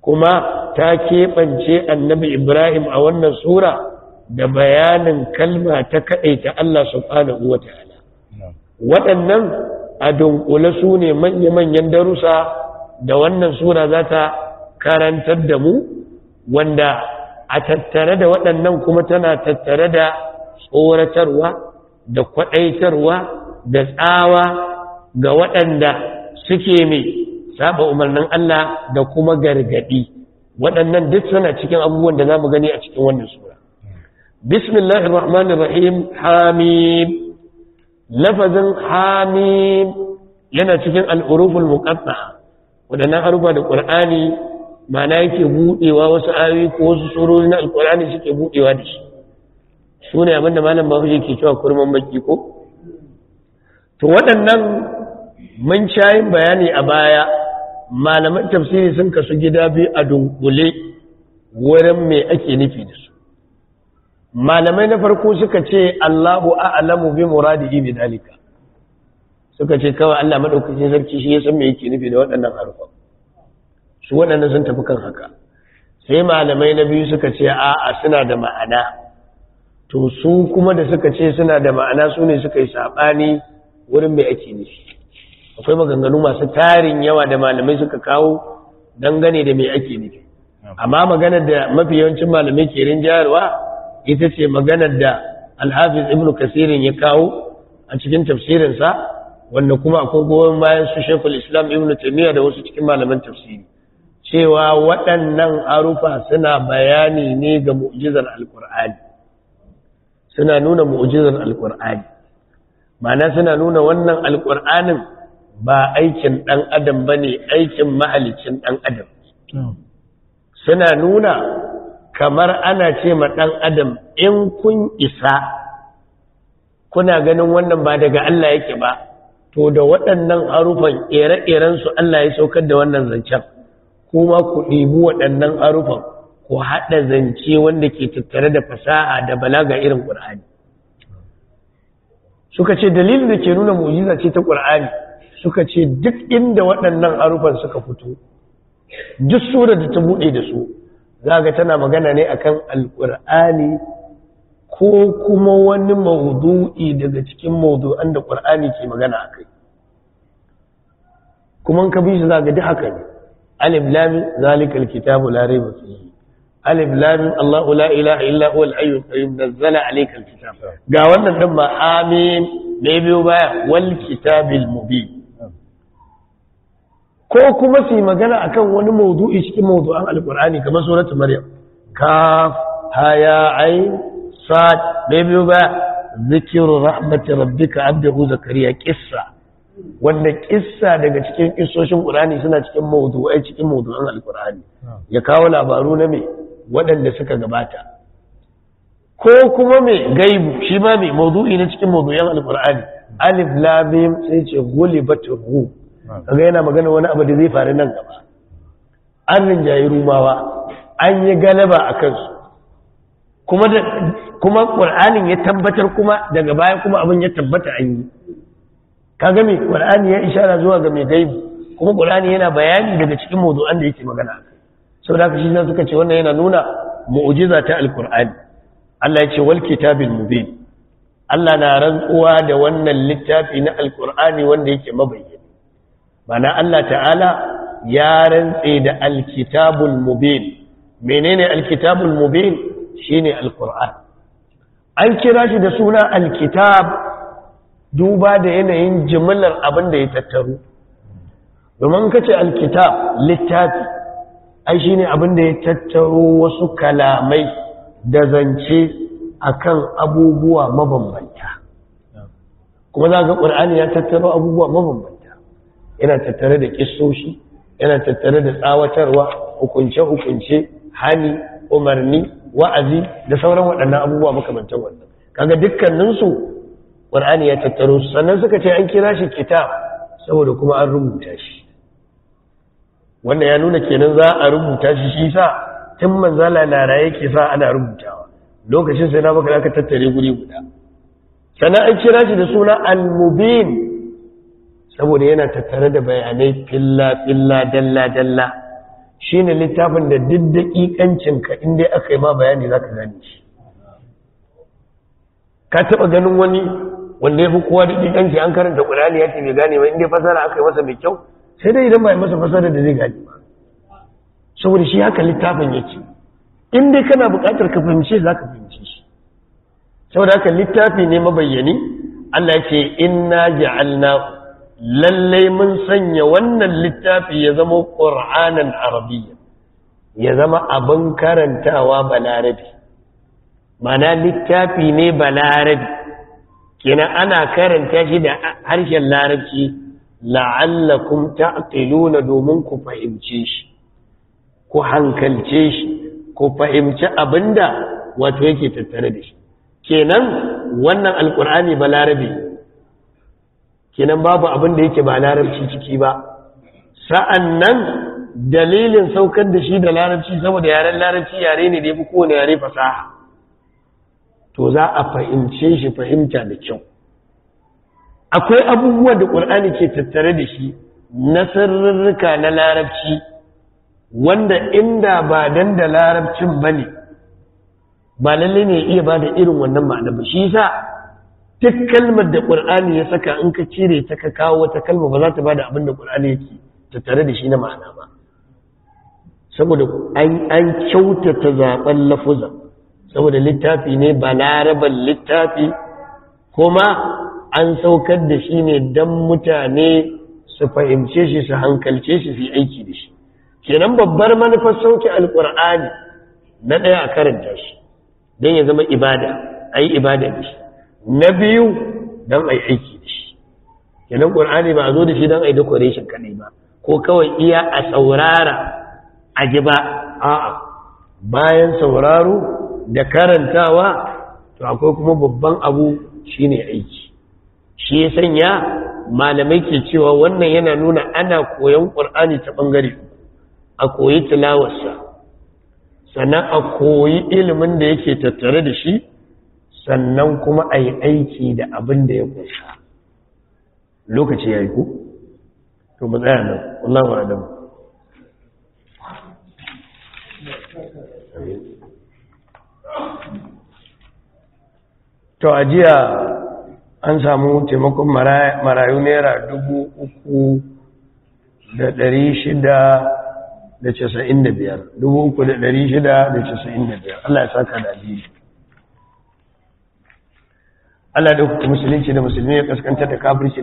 kuma ta keɓance annabi ibrahim a wannan sura da bayanin kalma ta kaɗaita allah subhanahu wa ta'ala waɗannan a dunkule su ne manya-manyan darussa da wannan sura za ta karantar da mu wanda a tattare da waɗannan kuma tana tattare da tsoratarwa da kwaɗaitarwa da tsawa ga waɗanda suke mai saba umarnin Allah da kuma gargaɗi waɗannan duk suna cikin abubuwan da za mu gani a cikin wannan sura bismillahir rahmanir rahim hamim lafazin hamim yana cikin al'uruful muqatta waɗannan harufa da ƙur'ani mana yake buɗewa wasu ayoyi ko wasu surori na alƙur'ani suke buɗewa da shi su ne abinda malam bahaushe ke cewa kurman baki ko to waɗannan mun cayin bayani a baya malaman tafsiri sun kasu gida biyu a dunkule wurin me ake nufi da su malamai na farko suka ce Allahu a'lamu bi muradi bi dalika suka ce kawai Allah madaukakin sarki shi ya san me yake nufi da waɗannan harfan su waɗannan sun tafi kan haka sai malamai na biyu suka ce a'a suna da ma'ana to su kuma da suka ce suna da ma'ana su ne suka yi saɓani wurin mai ake nufi akwai maganganu masu tarin yawa da malamai suka kawo dangane da mai ake nufi amma maganar da mafi yawancin malamai ke rinjayarwa ita ce maganar da alhafiz ibn kasirin ya kawo a cikin tafsirinsa wanda kuma akwai goyon bayan su shekul islam ibn taimiyya da wasu cikin malaman tafsiri cewa waɗannan arufa suna bayani ne ga mu'ujizar Alƙur'ani, suna nuna mu'ujizar alkur'ani mana suna nuna wannan Alƙur'anin ba aikin ɗan adam ba ne aikin mahalicin ɗan adam suna nuna kamar ana ce ma ɗan adam in kun isa kuna ganin wannan ba daga Allah yake ba to da waɗannan harufan ƙere-ƙerensu Allah ya saukar da wannan zancen kuma ku ɗebi waɗannan arufan ku haɗa zance wanda ke tattare da fasaha da balaga irin ƙur'ani suka ce dalilin da ke nuna mu'jiza ce ta ƙur'ani suka ce duk inda waɗannan arufan suka fito duk sura da ta buɗe da su za ga tana magana ne akan alƙur'ani ko kuma wani maudu'i daga cikin maudu'an da ƙur'ani ke magana a kai kuma ka bi shi za duk haka ne ألف لام ذلك الكتاب لا ريب فيه ألف لام الله لا إله إلا هو الحي القيوم نزل عليك الكتاب نعم. قاولنا ثم آمين بيبي وبايا والكتاب المبين كوكو مسي مجانا أكن ونموضوع إشك موضوع القرآن كما سورة مريم كاف هيا عين صاد بيبي وبايا ذكر رحمة ربك عبده زكريا كسر wanda kissa daga cikin kissoshin qur'ani suna cikin mawdu'ai cikin mawdu'an alqur'ani ya kawo labaru na me waɗanda suka gabata ko kuma me gaibu shi ma me mawdu'i na cikin mawdu'an alqur'ani alif lam mim sai ce gulibatur ru kaga yana magana wani abu da zai faru nan gaba an rinjayi rumawa an yi galaba a kansu kuma kuma qur'anin ya tabbatar kuma daga baya kuma abin ya tabbata an yi kaga me qur'ani ya ishara zuwa ga mai gaibi kuma qur'ani yana bayani daga cikin mawdu'an da yake magana akai saboda haka shi suka ce wannan yana nuna mu'jiza ta alqur'ani Allah ya ce wal kitabil mubin Allah na rantsuwa da wannan littafi na alqur'ani wanda yake mabayyana mana Allah ta'ala ya rantse da alkitabul mubin menene alkitabul mubin shine alqur'an an kira shi da suna alkitab duba da yanayin jimillar abin da ya tattaru domin kace alkitab littafi ai shine abin da ya tattaro wasu kalamai da zance akan abubuwa mabambanta kuma za ga ƙur'ani ya tattaro abubuwa mabambanta yana tattare da ƙisoshi yana tattare da tsawatarwa hukunce-hukunce hani umarni wa'azi da sauran waɗannan abubuwa makamantar wannan kaga dukkaninsu ƙur'ani ya tattaro su sannan suka ce an kira shi kitab saboda kuma an rubuta shi wannan ya nuna kenan za a rubuta shi shi sa tun manzala na raye ke sa ana rubutawa lokacin sai na baka aka tattare guri guda sannan an kira shi da suna al-mubin saboda yana tattare da bayanai filla filla dalla dalla shine littafin da diddaki kancin in inda aka yi ma bayani zaka gane shi ka taɓa ganin wani wanda ya fi kowa da ɗanki an karanta ƙulani ya ce mai gane mai inda fasara aka yi masa mai kyau sai dai idan ba masa fasara da zai gane ba saboda shi haka littafin yake in dai kana buƙatar ka fahimce za ka fahimci. shi saboda haka littafi ne mabayyani Allah ya ce inna ja'alna lallai mun sanya wannan littafi ya zama qur'anan arabiyya ya zama abin karantawa balarabi mana littafi ne balarabi kenan ana karanta shi da harshen larabci la'allakum ta'qiluna domin ku fahimce shi ku hankalce shi ku fahimci abinda wato yake tattare da shi kenan wannan alkur'ani ba larabi kenan babu abinda yake ba larabci ciki ba sa'annan dalilin saukar da shi da larabci saboda yaren larabci yare ne da yafi kowane yare fasaha to za a fahimce shi fahimta da kyau akwai abubuwa da ƙur'ani ke tattare da shi na sirrika na larabci wanda inda ba dan da larabcin ba ne ba lalle ne iya ba da irin wannan ma'ana ba shi sa duk kalmar da ƙur'ani ya saka in ka cire ta ka kawo wata kalma ba za ta ba da abin da ƙur'ani yake tattare da shi na ma'ana ba saboda an kyautata zaɓen lafuzan saboda littafi ne balaraban littafi kuma an saukar da shi ne don mutane su fahimce shi su hankalce shi su aiki da shi kenan babbar manufar sauke alkur'ani na ɗaya a karanta shi don ya zama ibada a yi ibada da shi na biyu don a yi aiki da shi kenan ƙur'ani ba a zo da shi don a yi decoration kaɗai ba ko kawai iya a saurara a ji ba a'a bayan sauraro da karantawa to akwai kuma babban abu shine aiki shi ya sanya malamai ke cewa wannan yana nuna ana koyon ƙur'ani ta ɓangare a koyi tilawarsa sannan a koyi ilimin da yake tattare da shi sannan kuma a yi aiki da abin da ya kusa. lokaci ya yi ku? to mu tsaya nan Allah wa Adamu. to a jiya an samu taimakon marayu naira dubu uku da dari shida da casa'in da biyar dubu uku da dari shida da casa'in da biyar Allah ya saka da biyu Allah da hukumar musulunci da musulmi ya kaskantar da kafirci